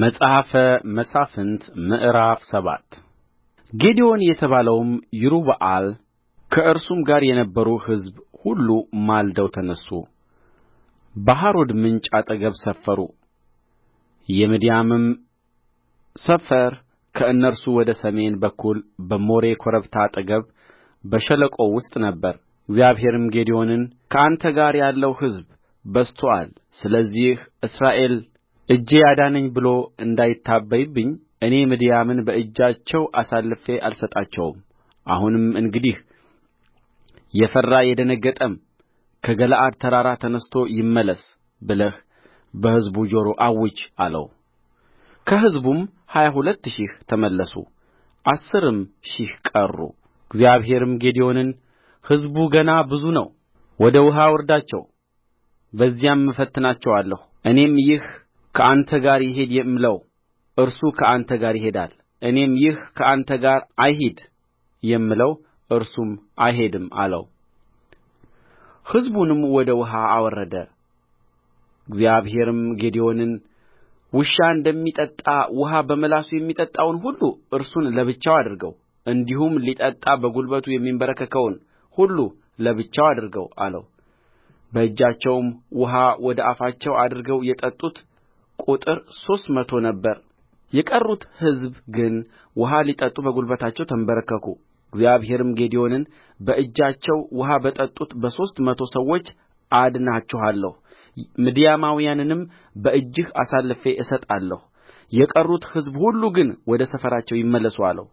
መጽሐፈ መሣፍንት ምዕራፍ ሰባት ጌዴዎን የተባለውም ይሩበኣል ከእርሱም ጋር የነበሩ ሕዝብ ሁሉ ማልደው ተነሡ በሐሮድ ምንጭ አጠገብ ሰፈሩ። የምድያምም ሰፈር ከእነርሱ ወደ ሰሜን በኩል በሞሬ ኮረብታ አጠገብ በሸለቆው ውስጥ ነበር። እግዚአብሔርም ጌዴዎንን ከአንተ ጋር ያለው ሕዝብ በዝቶአል፣ ስለዚህ እስራኤል እጄ አዳነኝ ብሎ እንዳይታበይብኝ እኔ ምድያምን በእጃቸው አሳልፌ አልሰጣቸውም። አሁንም እንግዲህ የፈራ የደነገጠም ከገለዓድ ተራራ ተነሥቶ ይመለስ ብለህ በሕዝቡ ጆሮ አውጅ አለው። ከሕዝቡም ሀያ ሁለት ሺህ ተመለሱ፣ አሥርም ሺህ ቀሩ። እግዚአብሔርም ጌዴዎንን ሕዝቡ ገና ብዙ ነው፣ ወደ ውኃ አውርዳቸው፣ በዚያም እፈትናቸዋለሁ። እኔም ይህ ከአንተ ጋር ይሂድ የምለው እርሱ ከአንተ ጋር ይሄዳል። እኔም ይህ ከአንተ ጋር አይሂድ የምለው እርሱም አይሄድም አለው። ሕዝቡንም ወደ ውኃ አወረደ። እግዚአብሔርም ጌዴዎንን ውሻ እንደሚጠጣ ውኃ በምላሱ የሚጠጣውን ሁሉ እርሱን ለብቻው አድርገው፣ እንዲሁም ሊጠጣ በጉልበቱ የሚንበረከከውን ሁሉ ለብቻው አድርገው አለው። በእጃቸውም ውኃ ወደ አፋቸው አድርገው የጠጡት ቍጥር ሦስት መቶ ነበረ የቀሩት ሕዝብ ግን ውኃ ሊጠጡ በጕልበታቸው ተንበረከኩ እግዚአብሔርም ጌዴዎንን በእጃቸው ውኃ በጠጡት በሦስት መቶ ሰዎች አድናችኋለሁ ምድያማውያንንም በእጅህ አሳልፌ እሰጣለሁ የቀሩት ሕዝብ ሁሉ ግን ወደ ሰፈራቸው ይመለሱ አለው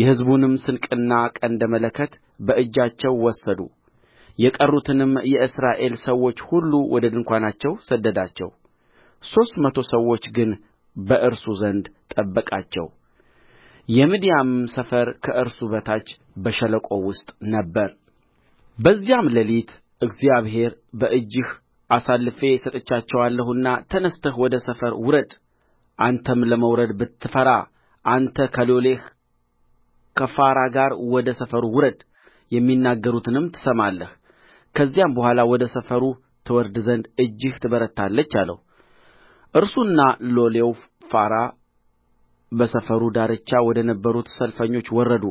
የሕዝቡንም ስንቅና ቀንደ መለከት በእጃቸው ወሰዱ የቀሩትንም የእስራኤል ሰዎች ሁሉ ወደ ድንኳናቸው ሰደዳቸው ሦስት መቶ ሰዎች ግን በእርሱ ዘንድ ጠበቃቸው የምድያምም ሰፈር ከእርሱ በታች በሸለቆው ውስጥ ነበረ በዚያም ሌሊት እግዚአብሔር በእጅህ አሳልፌ ሰጥቼአቸዋለሁና ተነሥተህ ወደ ሰፈር ውረድ አንተም ለመውረድ ብትፈራ አንተ ከሎሌህ ከፋራ ጋር ወደ ሰፈሩ ውረድ የሚናገሩትንም ትሰማለህ ከዚያም በኋላ ወደ ሰፈሩ ትወርድ ዘንድ እጅህ ትበረታለች አለው እርሱና ሎሌው ፉራ በሰፈሩ ዳርቻ ወደ ነበሩት ሰልፈኞች ወረዱ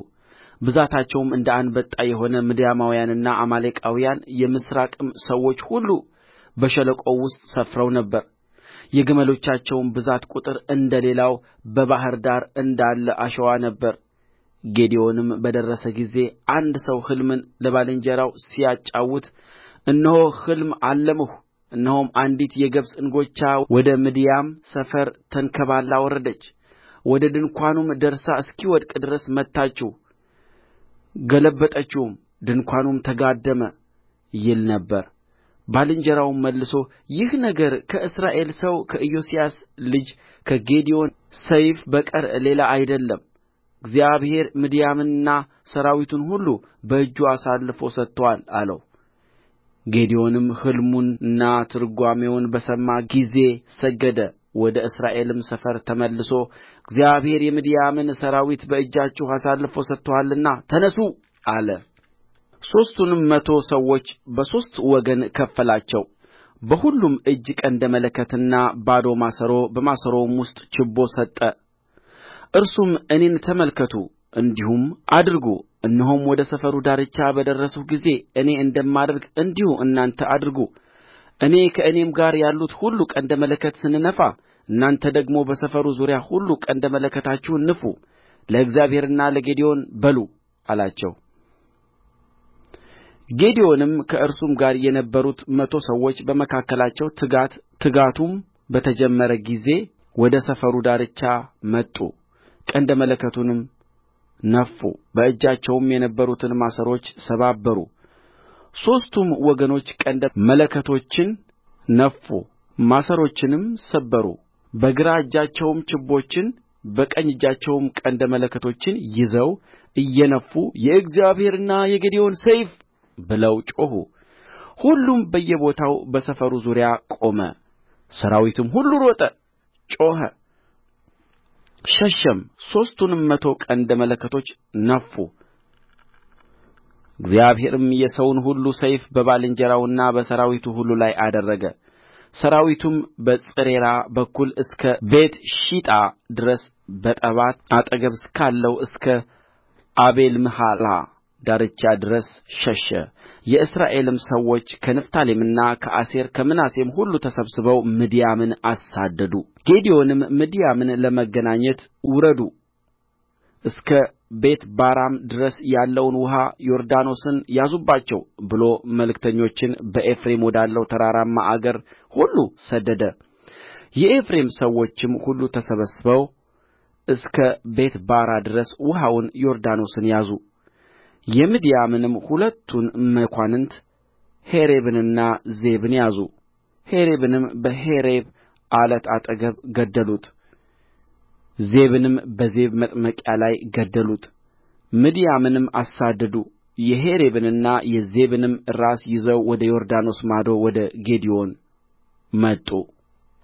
ብዛታቸውም እንደ አንበጣ የሆነ ምድያማውያንና አማሌቃውያን የምሥራቅም ሰዎች ሁሉ በሸለቆው ውስጥ ሰፍረው ነበር የግመሎቻቸውም ብዛት ቍጥር እንደ ሌላው በባሕር ዳር እንዳለ አሸዋ ነበረ ጌዴዎንም በደረሰ ጊዜ አንድ ሰው ሕልምን ለባልንጀራው ሲያጫውት እነሆ ሕልም አለምሁ እነሆም አንዲት የገብስ እንጎቻ ወደ ምድያም ሰፈር ተንከባልላ ወረደች ወደ ድንኳኑም ደርሳ እስኪወድቅ ድረስ መታችው ገለበጠችውም ድንኳኑም ተጋደመ ይል ነበር ባልንጀራውም መልሶ ይህ ነገር ከእስራኤል ሰው ከኢዮስያስ ልጅ ከጌዴዎን ሰይፍ በቀር ሌላ አይደለም እግዚአብሔር ምድያምንና ሠራዊቱን ሁሉ በእጁ አሳልፎ ሰጥቶአል አለው ጌዴዎንም ሕልሙንና ትርጓሜውን በሰማ ጊዜ ሰገደ ወደ እስራኤልም ሰፈር ተመልሶ እግዚአብሔር የምድያምን ሠራዊት በእጃችሁ አሳልፎ ሰጥቶአልና ተነሡ አለ ሦስቱንም መቶ ሰዎች በሦስት ወገን ከፈላቸው በሁሉም እጅ ቀንደ መለከትና ባዶ ማሰሮ በማሰሮውም ውስጥ ችቦ ሰጠ እርሱም እኔን ተመልከቱ እንዲሁም አድርጉ እነሆም ወደ ሰፈሩ ዳርቻ በደረስሁ ጊዜ እኔ እንደማደርግ እንዲሁ እናንተ አድርጉ እኔ ከእኔም ጋር ያሉት ሁሉ ቀንደ መለከት ስንነፋ እናንተ ደግሞ በሰፈሩ ዙሪያ ሁሉ ቀንደ መለከታችሁን ንፉ ለእግዚአብሔርና ለጌዴዎን በሉ አላቸው ጌዴዎንም ከእርሱም ጋር የነበሩት መቶ ሰዎች በመካከላቸው ትጋት ትጋቱም በተጀመረ ጊዜ ወደ ሰፈሩ ዳርቻ መጡ ቀንደ መለከቱንም ነፉ በእጃቸውም የነበሩትን ማሰሮች ሰባበሩ ሦስቱም ወገኖች ቀንደ መለከቶችን ነፉ ማሰሮችንም ሰበሩ በግራ እጃቸውም ችቦችን በቀኝ እጃቸውም ቀንደ መለከቶችን ይዘው እየነፉ የእግዚአብሔርና የጌዴዎን ሰይፍ ብለው ጮኹ ሁሉም በየቦታው በሰፈሩ ዙሪያ ቆመ ሠራዊቱም ሁሉ ሮጠ ጮኸ ሸሸም ሦስቱንም መቶ ቀንደ መለከቶች ነፉ እግዚአብሔርም የሰውን ሁሉ ሰይፍ በባልንጀራውና በሠራዊቱ ሁሉ ላይ አደረገ ሠራዊቱም በጽሬራ በኩል እስከ ቤትሺጣ ድረስ በጠባት አጠገብ እስካለው እስከ አቤልምሖላ ዳርቻ ድረስ ሸሸ የእስራኤልም ሰዎች ከንፍታሌምና ከአሴር ከምናሴም ሁሉ ተሰብስበው ምድያምን አሳደዱ ጌዴዎንም ምድያምን ለመገናኘት ውረዱ እስከ ቤትባራም ድረስ ያለውን ውኃ ዮርዳኖስን ያዙባቸው ብሎ መልእክተኞችን በኤፍሬም ወዳለው ተራራማ አገር ሁሉ ሰደደ። የኤፍሬም ሰዎችም ሁሉ ተሰብስበው እስከ ቤትባራ ድረስ ውኃውን ዮርዳኖስን ያዙ። የምድያምንም ሁለቱን መኳንንት ሔሬብንና ዜብን ያዙ ሔሬብንም በሔሬብ ዓለት አጠገብ ገደሉት ዜብንም በዜብ መጥመቂያ ላይ ገደሉት ምድያምንም አሳደዱ የሔሬብንና የዜብንም ራስ ይዘው ወደ ዮርዳኖስ ማዶ ወደ ጌዴዎን መጡ